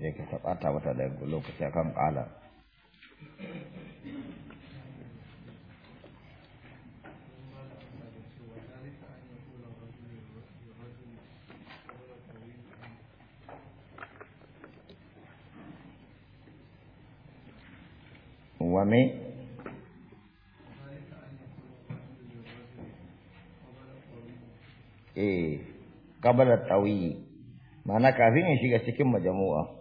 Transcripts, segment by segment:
je ka taɓata mata da lokaci eh tawi mana kafin ya shiga cikin majamua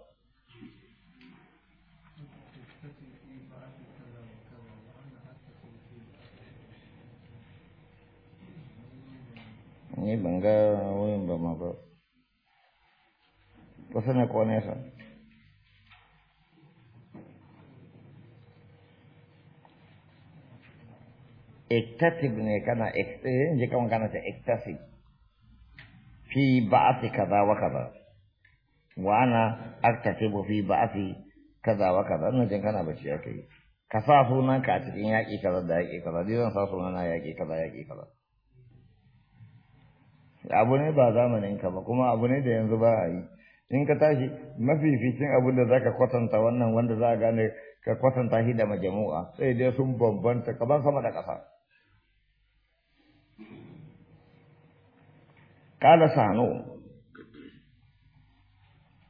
kusa ne ko nesa ektatib ne kana je kama kana ta ektasib fi ba'ati kaza wa kaza wa ana aktatibu fi ba'ati kaza wa kaza ina jin kana bacci yake ka sa sunan ka a cikin yaƙi kaza da yaƙi kaza dai zan sa sunan na yaƙi kaza yaƙi kaza abu ne ba zamanin ka ba kuma abu ne da yanzu ba a in ka tashi mafificin abin da zaka kwatanta wannan wanda za a gane ka kwatanta shi da majamu'a sai dai sun bambanta kaman sama da ƙasa قال سانو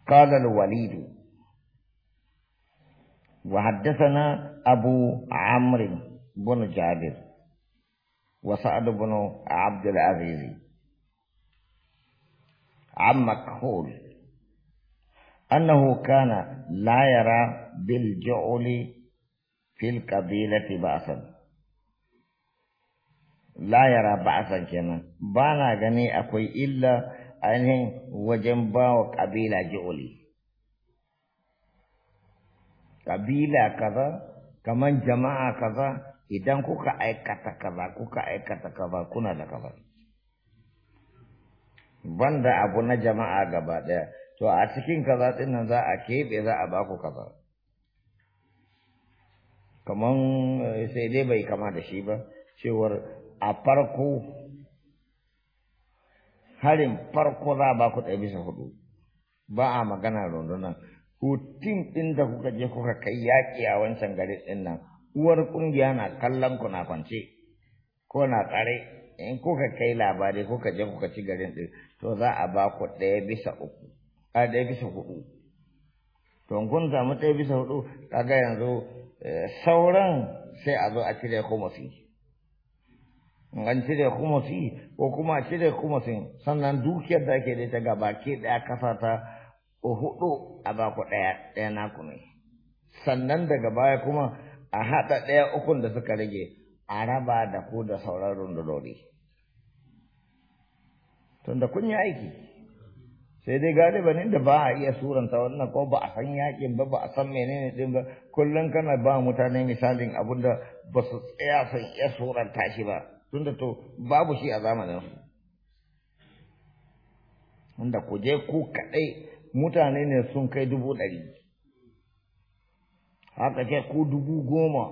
قال الوليد وحدثنا أبو عمرو بن جابر وسعد بن عبد العزيز عن مكحول أنه كان لا يرى بالجعل في القبيلة بأسا لا يرى بأسا كنا بانا غني أكوي إلا أنه وجنبا وقبيلة جعلي قبيلة كذا كمان جماعة كذا idan kuka aikata kaza kuka aikata kaza kuna da kaza banda abu na jama'a gaba daya to a cikin kaza din nan za a keɓe za a baku kaza kaman eh, sai dai bai kama da shi ba cewar a farko harin farko za a baku ɗaya bisa hudu ba a magana rundunar hutun ɗin da kuka je kuka kai yaƙi a wancan gari ɗin nan uwar ƙungiya na kallon ku na kwance ko na tsare in kuka kai labari kuka je kuka ci garin ɗin to za a ba ku ɗaya bisa uku a ɗaya bisa hudu to kun samu ɗaya bisa hudu kaga yanzu eh, sauran sai a zo a cire kumasi an cire kumasi ko kuma a cire kumasi, sannan dukiyar da ake da ta gaba ɗaya kasa ta hudu a baku ɗaya ɗaya naku ne sannan daga baya kuma a haɗa ɗaya ukun da suka rage a raba da ku da sauran rundunori tunda kun yi aiki sai dai ne da ba a iya suranta wannan ko ba a san yakin ba ba a san menene din ba kullum kana ba mutane misalin abin da ba su tsaya sun iya suranta shi ba tunda to babu shi a zamanin su wanda ku je ku kaɗai mutane ne sun kai dubu ɗari haka ce ku dubu goma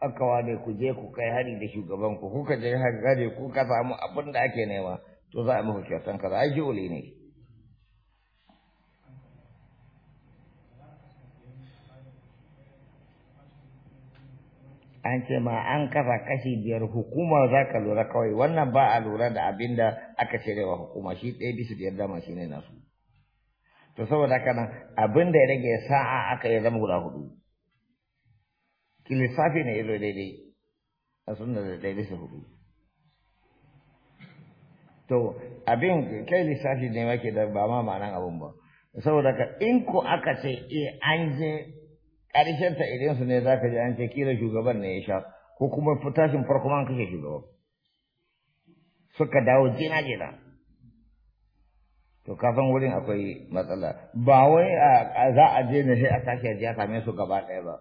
aka ware ku je ku kai hari da shugaban ku kuka je hari ku ka samu abinda ake nema to za a muku kyautan kaza ai ne an ce ma an kafa kashi biyar hukuma za ka lura kawai wannan ba a lura da abin da aka ce wa hukuma shi ɗaya bisa biyar dama shi ne nasu to saboda haka nan abin da ya rage sa'a aka yi zama guda hudu lissafi ne ido daidai a sunna da ɗaya bisa hudu to abin kai lissafi ne ma ke da ba ma ma'anan abin ba saboda haka in ko aka ce eh an je ƙarshen ta idan su ne za ka ji an ce kila shugaban ne ya sha ko kuma tashin farko an kashe shugaban suka dawo jina jina to kafin wurin akwai matsala ba wai za a je na sai a tashi a jiya same su gaba ɗaya ba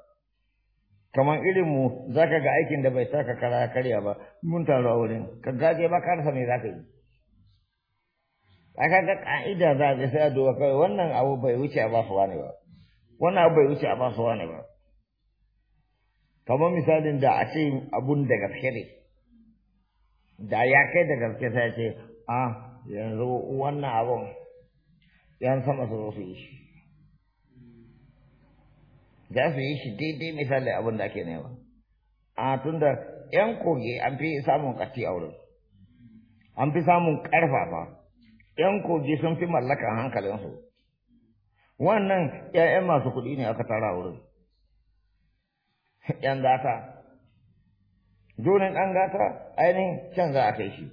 kamar irin mu za ka ga aikin da bai saka kara karya ba mun taru a wurin ka gaje ba ka rasa me za ka yi a kaga ka'ida za a sai a duba kawai wannan abu bai wuce a ba su wane ba wannan abu bai wuce a ba wane ba kamar misalin da a ce abun da gaske ne da ya kai da gaske sai ce a yanzu wannan abun yan sama su zo su yi shi za su yi shi daidai misalin abun da ake nema a tunda yan koge an fi samun ƙarfi a wurin an fi samun ƙarfafa yan kogi sun fi mallakan hankalinsu wannan ƴaƴan masu kuɗi ne aka tara wurin ƴan gata donin ɗan gata ainihin can za a kai shi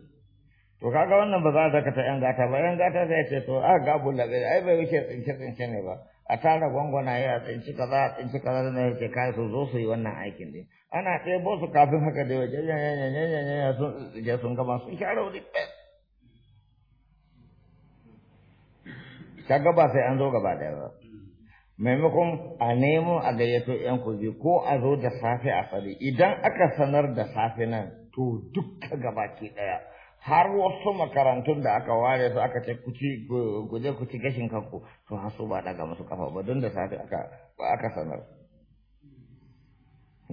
to kaga wannan ba za a zakata ƴan gata ba ƴan gata zai ce to a ga ai bai wuce tsince tsince ne ba a tara gwangwana ya tsinci kaza a tsinci kaza da ya ce kai su zo su yi wannan aikin ne? ana ɗebo su kafin haka da yanyan sun gama sun share wuri kaga ba sai an zo gaba daya ba maimakon a nemo a gayyato yan kogi ko a zo da safe a fari idan aka sanar da safe nan to dukka gabaki daya har wasu makarantun da aka ware su aka ce kuci guje kuci gashin kanku to har su ba daga musu kafa ba don da safe aka sanar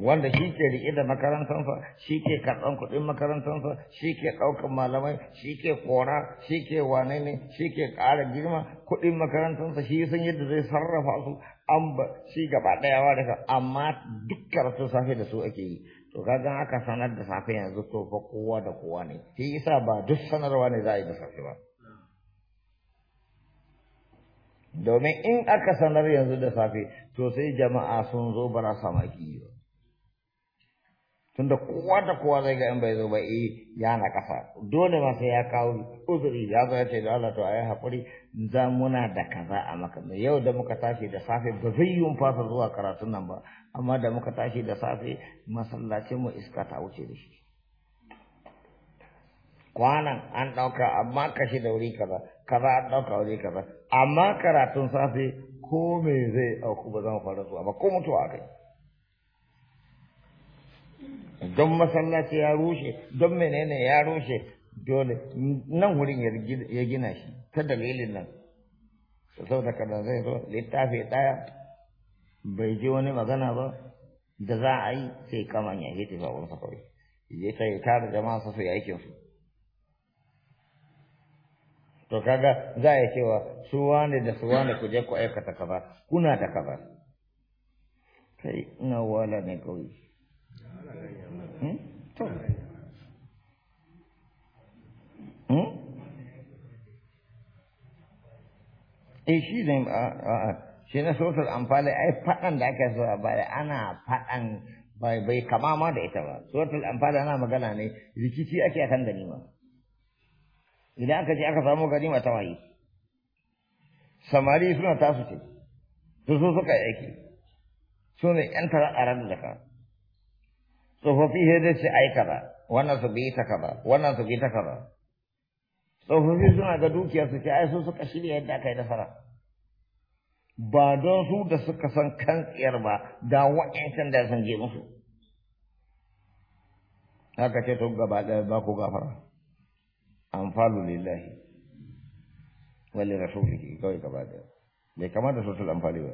wanda shi ke riƙe da makarantar fa shi ke karɓan kuɗin makarantarsa shi ke ɗaukan malamai shi ke kora shi ke wane ne shi ke ƙara girma kuɗin fa shi san yadda zai sarrafa su an ba shi gaba ɗaya wa daga amma duk karatun safe da su ake yi to kaga aka sanar da safe yanzu to fa kowa da kowa ne shi isa ba duk sanarwa ne za a yi da safe ba domin in aka sanar yanzu da safe to sai jama'a sun zo bara samaki ba tunda kowa da kowa zai ga in bai zo ba eh ya na kafa dole ma sai ya kawo uzuri ya zo ya ce da Allah to ayi hakuri za muna da kaza a maka yau da muka tashi da safe ba zai yi fasa zuwa karatun nan ba amma da muka tashi da safe masallacin mu iska ta wuce da shi kwanan an ɗauka amma kashi da wuri kaza kaza an ɗauka wuri kaza amma karatun safe ko me zai ɗauku ba zan fara zuwa ba ko mutuwa kai don masallaci ya rushe don menene ya rushe dole nan wurin ya gina shi ta dalilin nan saboda kada zai zo littafi daya bai ji wani magana ba da za a yi sai kaman ya hiti wani kawai ya ta yi tara jama'a su su yi su to kaga za a cewa su wane da su wane ku je ku aikata kaza kuna da kaza sai ina wala ne kawai E eh shi ne shi na sosar amfani ai faɗan da ake so a bari ana faɗan bai kama ma da ita ba Sosar amfani ana magana ne rikici ake kan ganima idan aka ce aka samu ganima ta waye samari suna tasu ce su so suka aiki su ne yan tara a da ka. tsofaffi sai dai ce ai kaza wannan su bi ta kaza wannan su bi ta kaza tsofaffi suna ga dukiya su ce ai su suka shirya yadda aka yi nasara ba don su da suka san kan tsiyar ba da wa'ancan da san je musu haka ce to gaba ɗaya ba ku gafara amfalu lillahi wali rasulihi kawai gaba ɗaya bai kamata su amfani ba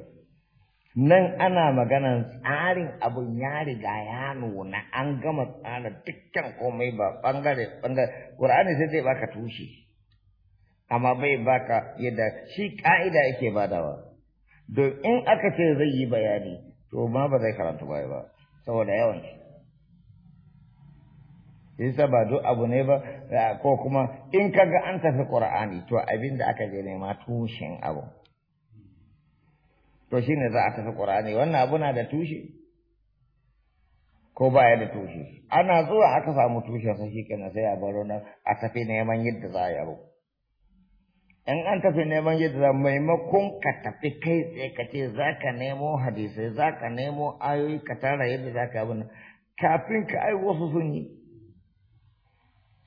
nan ana maganan tsarin abin ya riga ya nuna an gama tsara dukkan komai ba bangare bangare qur'ani sai zai baka tushe amma bai baka yadda shi ka'ida yake badawa don in aka ce zai yi bayani to ma ba zai karanta baya ba saboda yawan shi ba duk abu ne ba ko kuma in kaga an tafi qur'ani to abin da aka je ma tushen abu to shine za a tafi qur'ani wannan abu na da tushe ko baya da tushe ana zuwa aka samu tushen sa shikenan sai a baro nan a tafi neman yadda za a yaro in an tafi neman yadda za maimakon ka tafi kai tsaye ka ce za ka nemo hadisai za ka nemo ayoyi ka tara yadda za ka abin kafin ka ai wasu sun yi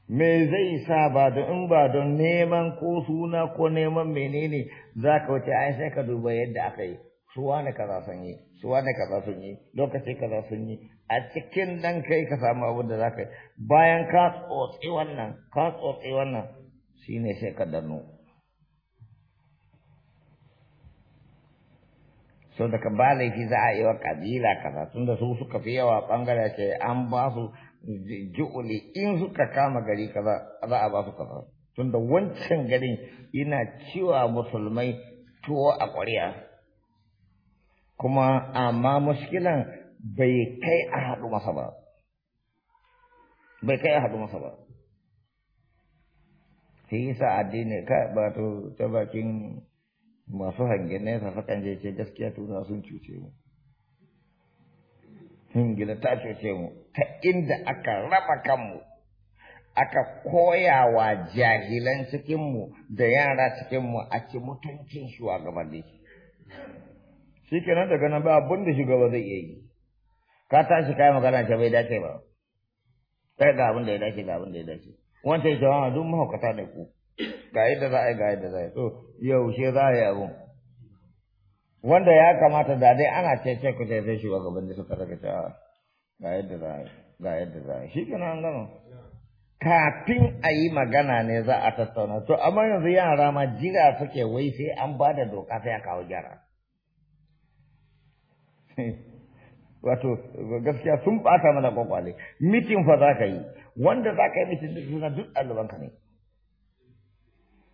me zai sa ba don in ba don neman ko suna ko neman menene za ka wuce ai sai ka duba yadda aka yi suwa ne kaza sun yi suwa ne kaza sun yi lokaci kaza sun yi a cikin dan kai ka samu abin da zaka yi bayan ka tsotsi wannan ka tsotsi wannan shine sai ka dano so ka ba laifi za a yi wa kabila kaza tun da su suka fi yawa bangare ce an ba su ju'uli in suka kama gari kaza za a ba su kaza tun da wancan garin ina ciwa musulmai tuwo a ƙwariya kuma amma muskilan bai kai a haɗu masa ba bai kai a haɗu masa ba shi yasa addini ka ba to ta bakin masu hangen nesa sakan je ce gaskiya tuna sun cuce mu hingila ta cuce mu ta inda aka raba kanmu aka koyawa jahilan cikinmu da yara cikinmu a ci mutuncin shugabanni shi kenan daga nan ba abin da shugaba zai iya yi ka tashi kayan magana ce bai dace ba kai ga abin da ya dace ga abin da ya dace wancan shawara ah, duk mahaukata ne ku ga yadda za a yi ga yadda za a yi to yaushe za a yi abu? wanda ya kamata da dai ana ce ce ku sai sai shugaban da suka daga cewa ah, ga yadda za a yi ga yadda za a yi shi kenan an gama kafin a yi magana ne za a tattauna to amma yanzu yara ma jira suke wai sai an ba da doka sai a kawo gyara wato gaskiya sun bata mana kwakwale mitin fa za ka yi wanda za ka yi mitin da suna duk ɗalibanka ne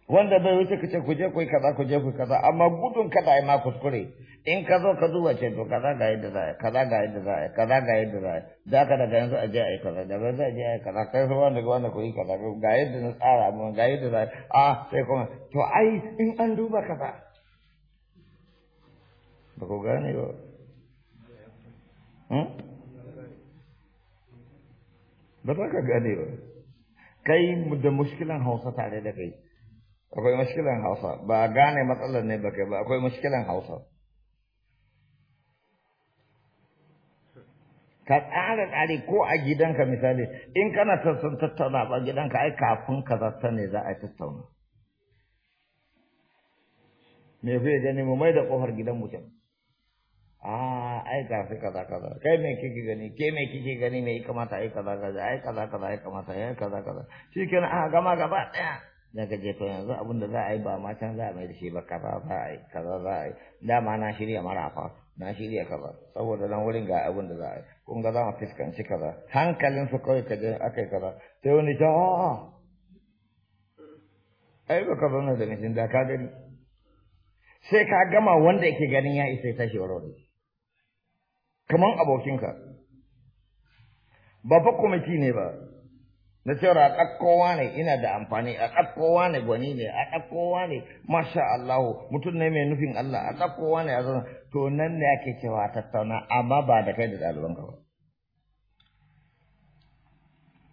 wanda bai wuce ka ce ku je ku yi kaza ku je ku kaza amma gudun kada ai ma kuskure in ka zo ka zuwa ce to kaza ga yadda za kaza ga yadda za kaza ga yadda za da ka daga yanzu a je a yi kaza ba za a je a yi kaza kai wanda ga wanda ku yi kaza ga yadda na tsara mun, ga yadda za a sai kuma to ai in an duba kaza ba ku gane ba ba za ka gane ba kai da mushkilan hausa tare da kai akwai mushkilan hausa ba gane matsalar ne ba kai ba akwai mushkilan hausa ka tsara tsari ko a gidanka misali in kana sassan tattauna ba gidanka ai kafin ka zata ne za a yi tattauna me kuke gani mu mai da kofar gidan mutum ah, ai kasi fi kaza kaza may kikigani, kike gani kikigani, may kike gani kada kada, ay kaza kaza ay kaza kaza kada kada. ai kaza kaza shikenan a ah, gama gaba daya Naga jeto to yanzu abunda za a ba ma za a mai shi ba kaza za a yi kaza za a yi ma na shirya marafa na shirya kaza saboda nan wurin ga abin da za a yi kun ga za mu kata, kaza hankalin su kawai ka je aka yi kaza sai wani ta a ah, ah, ai ba ka zauna da da sai ka gama wanda yake ganin ya isa ya shi wa kaman abokinka ba fa kwamiti ne ba na cewar a ɗakkowa ne ina da amfani a ɗakkowa ne gwani ne a ɗakkowa ne masha Allahu mutum ne mai nufin Allah a ɗakkowa ne a to nan ne ake cewa tattauna amma ba da kai da ɗalibanka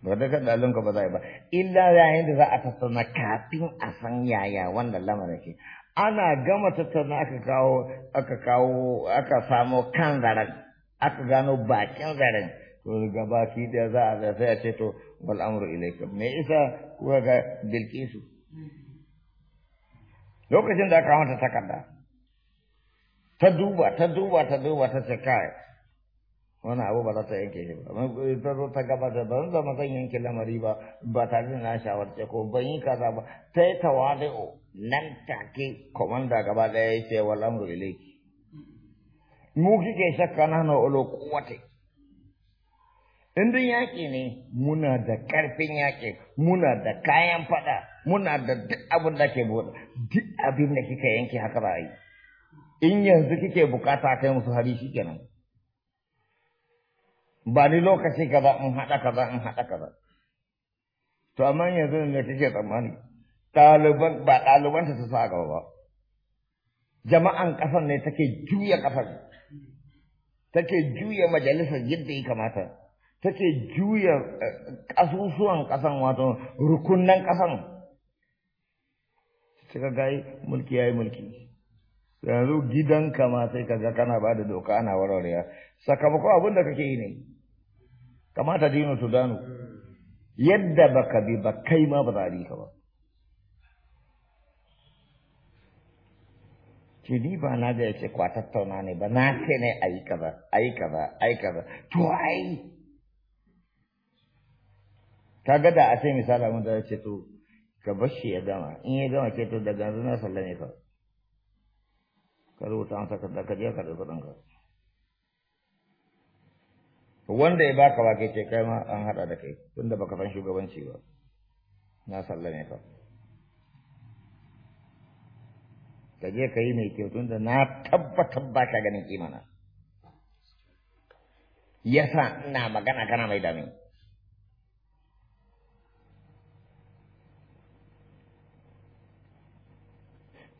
ba ba da kai da ɗalibanka ba za ba illa yayin da za a tattauna kafin a san yaya wanda lamarin ke ana gama tattauna aka kawo aka kawo aka samo kan zarar aka gano bakin zaren to baki da za a sai a ce to wal amru ilaikum me isa kuka ga bilkisu lokacin da aka hanta takarda ta duba ta duba ta duba ta ce kai wani abu ba za ta yanke shi ba ta zo ta gabata ba zan zama zan yanke lamari ba ba ta da na shawarce ko ban yi kaza ba ta yi tawadi'u nan take komanda gaba daya ya ce wal amru ilaikum mu kike shakka na na ulo kuwate in dun yaƙi ne muna da ƙarfin yaƙi muna da kayan faɗa muna da duk abin da ke bude duk abin da kika yanke haka ba yi in yanzu kike bukata kai musu hari shi kenan ba ni lokaci kaza in haɗa kaza in haɗa kaza to amma yanzu ne kike tsammani ɗaliban ba ɗalibanta su sa gaba ba jama'an ƙasar ne take juya ƙasar take juya majalisar yadda ya kamata take juya eh, ƙasusuwan ƙasan wato rukunan ƙasan cika gai mulki ya yi mulki yanzu ma sai ka ga kana ba da doka ana warwarewa sakamakon abin kake yi ne kamata dino sudanu yadda baka bi ba kai ma ba za a ka ba ce ni ba na da ya ce kwa tattauna ne ba na ce ne a yi kaza a yi kaza to ai ka ga da a ce misali mun da ce to ka bar shi ya gama in ya gama ce to daga yanzu na sallame ka ka rubuta an saka ka je ka da kuɗin ka wanda ya baka ba kai ce kai ma an hada da kai tunda baka san shugabanci ba na sallame ka ka je ka yi mai kyau tunda na tabbatar ba ka ganin kimana yasa ina magana kana mai dami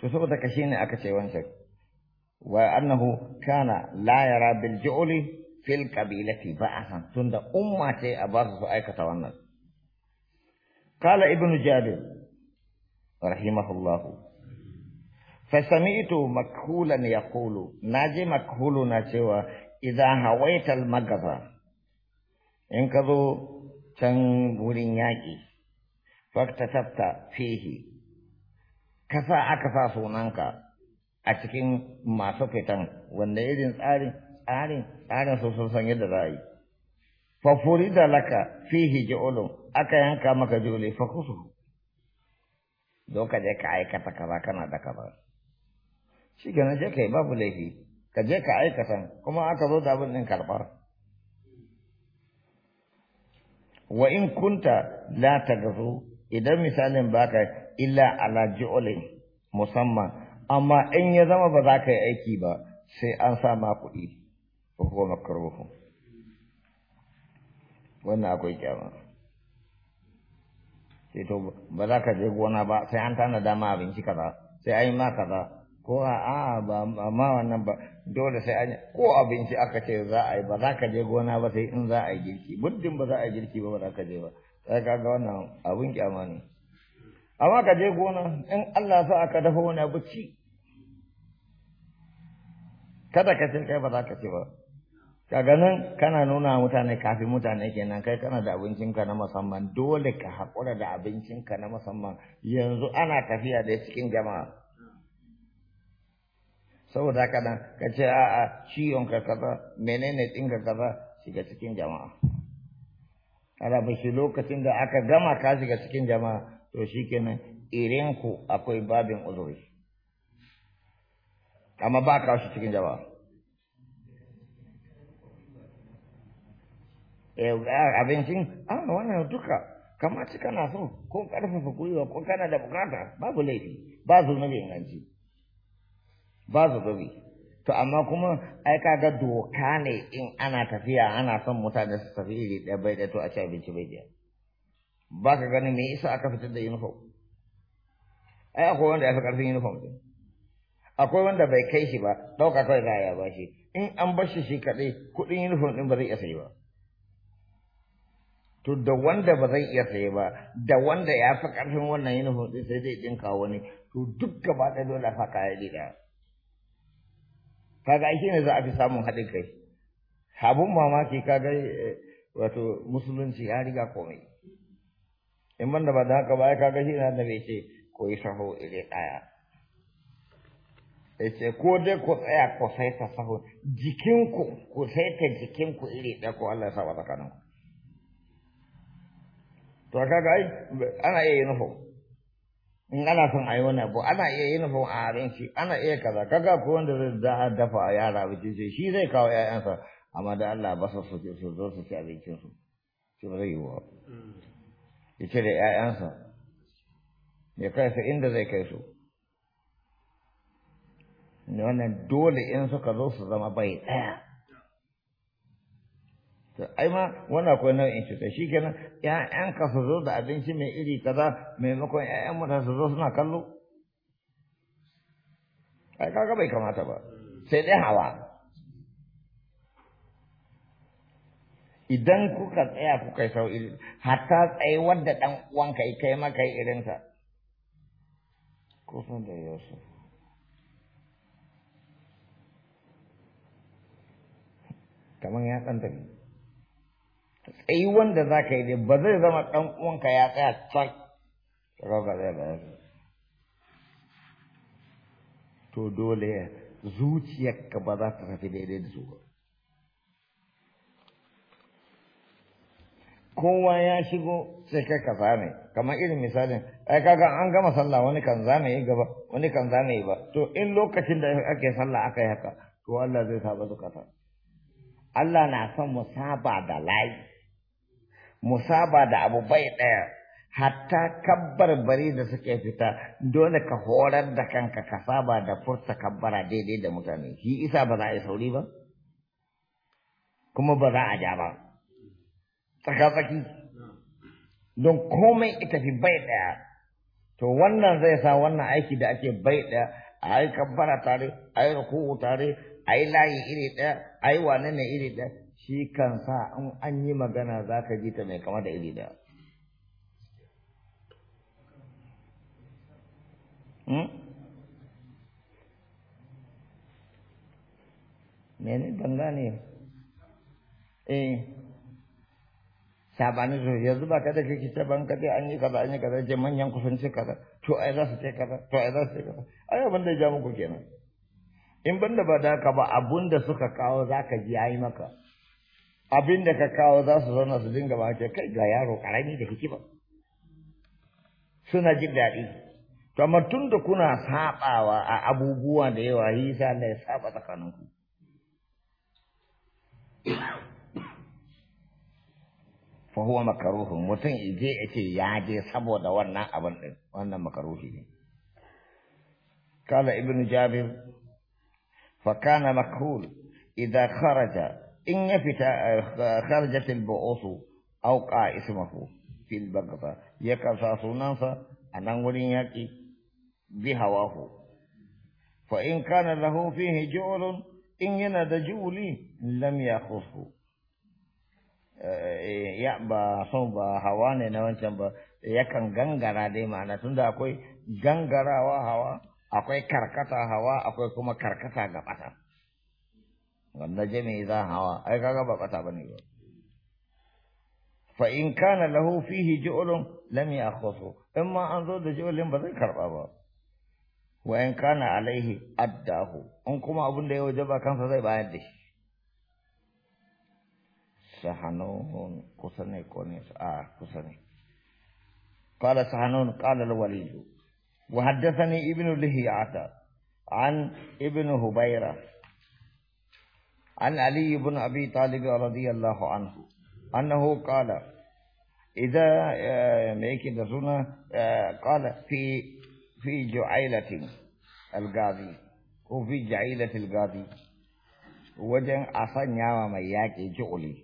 to saboda ka shine aka ce wancan wa annahu kana la yara bil ju'li fil qabilati ba'asan tunda umma ce a ba su aikata wannan قال ابن جابر رحمه الله fasami'tu makhulan yaqulu naji makhulu na cewa idza hawaital magaza in ka zo can wurin yaƙi tafta fihi kasa aka sa sunanka a cikin masu fitan wanda irin tsarin tsarin tsarin su sun san yadda za a yi laka fihi ji'ulun aka yanka maka jole fa kusu doka je ka aikata kaza kana da kaza shi kenan je kai babu laifi ka je ka aikata kuma aka zo da abin din karɓar wa in kunta la gazo idan misalin baka illa ala ju'ulin musamman amma in ya zama ba za ka yi aiki ba sai an sa ma kuɗi ko kuma wannan akwai kyama sai to ba za ka je gona ba sai an tana dama abinci kaza sai an yi ma kaza ko a a ba amma wannan ba dole sai an ko abinci aka ce za a yi ba za ka je gona ba sai in za a yi girki muddin ba za a yi girki ba ba za ka je ba sai ka ga wannan abin kyama ne amma ka je gona in Allah sa aka dafa wani abu ci kada ka ce kai ba za ka ci ba Ka ganin kana nuna mutane kafin mutane kenan kai kana da abincinka na musamman dole ka haƙura da abincinka na musamman yanzu ana tafiya da cikin jama'a saboda haka nan ka ce a'a ciwon ka kaza menene ɗinka kaza shiga cikin jama'a ala shi lokacin da aka gama ka shiga cikin jama'a to shikenan irin ku akwai babin uzuri amma ba ka shi cikin jama'a eh, abincin a ah, wannan duka kamar cika na so ko karfafa gwiwa ko kana da bukata babu laifi ba zunubi inganci ba zubi to amma kuma ai kaga doka ne in ana tafiya ana son mutane su tafi iri ɗaya bai ɗaya to a ci abinci bai biya ba ka gani me isa aka fitar da uniform ai akwai wanda ya fi ƙarfin uniform ɗin akwai wanda bai kai shi ba ɗauka kawai za a ya ba shi in an bar shi shi kaɗai kuɗin uniform ɗin ba zai iya sayi ba to da wanda ba zai iya sayi ba da wanda ya fi ƙarfin wannan uniform ɗin sai zai ɗinka wani to duk gaba ɗaya dole a sa kaya ɗaya kaga ai ne za a fi samun haɗin kai abun mamaki kaga eh, wato musulunci ya riga komai in banda ba da haka ba kaga shi da bai ce ko yi saho ile ɗaya ya ce ko dai ku tsaya ku saita saho jikinku ku saita jikinku iri ɗaya ko Allah ya saba tsakaninku to kaga ai ana iya yin in ana son a yi wani abu ana iya yin fom a abinci ana iya kaza kaga ko wanda zai dafa a yara abincin sai shi zai kawo ƴaƴansa amma da Allah ba su su su zo su ci abincin su shi ba zai yi wa ce da ƴaƴansa ya kai su inda zai kai su wannan dole in suka zo su zama bai ɗaya ai ma wannan akwai nau'in cuta shi kenan ka su zo da abinci mai iri kaza maimakon ƴaƴan mutane su zo suna kallo ai kaga bai kamata ba sai dai hawa idan kuka tsaya kuka sau iri hatta tsaye wadda ɗan uwan kai maka irinta kusa da yusuf kamar ya ɗan tsayi wanda za ka yi dai ba zai zama ɗan uwanka ya tsaya can zai ba to dole zuciyarka ba za ta tafi daidai da su kowa ya shigo sai kai ka zame kamar irin misalin ai kaga an gama sallah wani kan zame yi gaba wani kan zame yi ba to in lokacin da ake sallah aka yi haka to Allah zai saba zukata Allah na son mu saba da layi musaba da abu bai ɗaya hatta kabbar bari da suke fita dole ka horar da kanka ka saba da furta kabbara daidai da mutane shi isa ba za a yi sauri ba kuma ba za a ja ba tsaka-tsaki don komai ita fi bai ɗaya to wannan zai sa wannan aiki da ake bai ɗaya a yi kabbara tare a yi rukuku tare a yi layi iri ɗaya a yi wane ne iri ɗaya shi kan sa in an yi magana za ka ji ta mai kama da iri da hmm? mene banga ne eh sabanin su yanzu ba kada kake ce ban kada an yi kaza an yi kaza je manyan kusan sun ce kaza to ai za su ce kaza to ai za su ce kaza ai abin da ya ja muku kenan in banda ba da ka ba abun da suka kawo zaka ji yayi maka abin da ka kawo za su zauna su dinga ba ce kai ga yaro karami da hikima suna jin daɗi to amma tun da kuna saɓawa a abubuwa da yawa sa na ya saɓa tsakaninku fahuwa huwa makaruhun mutum je ya ce ya je saboda wannan abin din wannan makaruhi ne kala ibn jabir fa kana makhul idza kharaja in ya fita kharjatil bu'usu auqa ismahu fil bagfa ya sa sunansa a nan wurin yaki bi hawahu fa in kana lahu fihi ju'lun in yana da ju'li lam yakhushu ya ba son ba hawa ne na wancan ba yakan gangara dai ma'ana tunda akwai gangarawa hawa akwai karkata hawa akwai kuma karkata ga ɓata غندجي إذا هوا اي غا غبا فإن كان له فيه جؤل لم يأخذه إما أنظر لجؤل بذي كربابا وإن كان عليه أداه أنكما أبن ليه وجبا كان فزي بايدش سحنون كسني كونيس آه كسني قال سحنون قال الوليد وحدثني ابن لهيعة عن ابن هبيره عن علي بن أبي طالب رضي الله عنه أنه قال إذا آه، ميكي دسونا آه، قال في في جعيلة القاضي وفي جعيلة القاضي وجن أصن نعم يا مياكي جعلي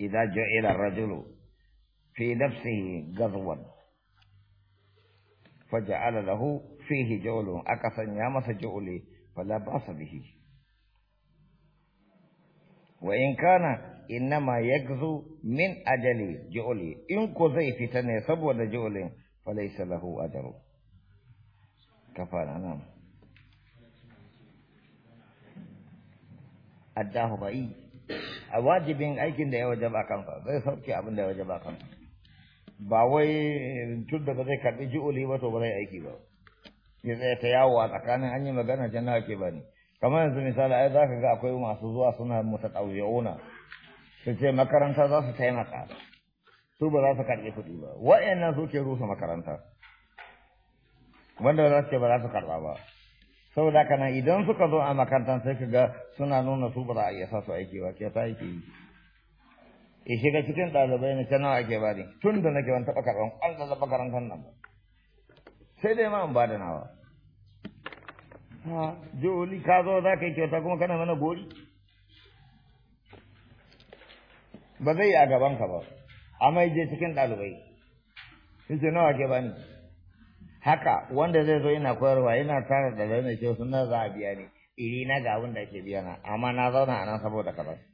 إذا جعل الرجل في نفسه قضوا فجعل له فيه جعل أكثر يا نعم مس جعلي فلا بأس به wa in kana innama yagzu min ajali ju'li in ko zai fita ne saboda ju'lin falaysa lahu ajru kafara nan addahu bai a wajibin aikin da ya wajaba fa zai sauki abin da ya wajaba kansa ba wai tun da ba zai kadi ji'uli ba to ba zai aiki ba ya zai ta yawo a tsakanin an yi magana jana ke ba ne kamar yanzu misali ai za ka ga akwai masu zuwa suna mutaɗauyona su ce makaranta za su taimaka su ba za su karɓi kuɗi ba wa'annan su ke rusa makaranta wanda za su ce ba za su karɓa ba saboda haka nan idan suka zo a makarantar sai ka ga suna nuna su ba za a iya sa su aiki ba ke sa aiki yi ya shiga cikin ɗalibai na nawa ake ne tun da nake ban taɓa da ƙwallon karantar nan ba sai dai ma an ba da nawa joli ka zo za ka yi kyauta kuma kana mana gori ba zai yi a gabanka ba amma je cikin ɗalibai yace nawa ke bani haka wanda zai zo yana koyarwa yana tara da zai ce suna za a biya ne iri na ga abin da ake biya na amma na zauna a nan saboda kaza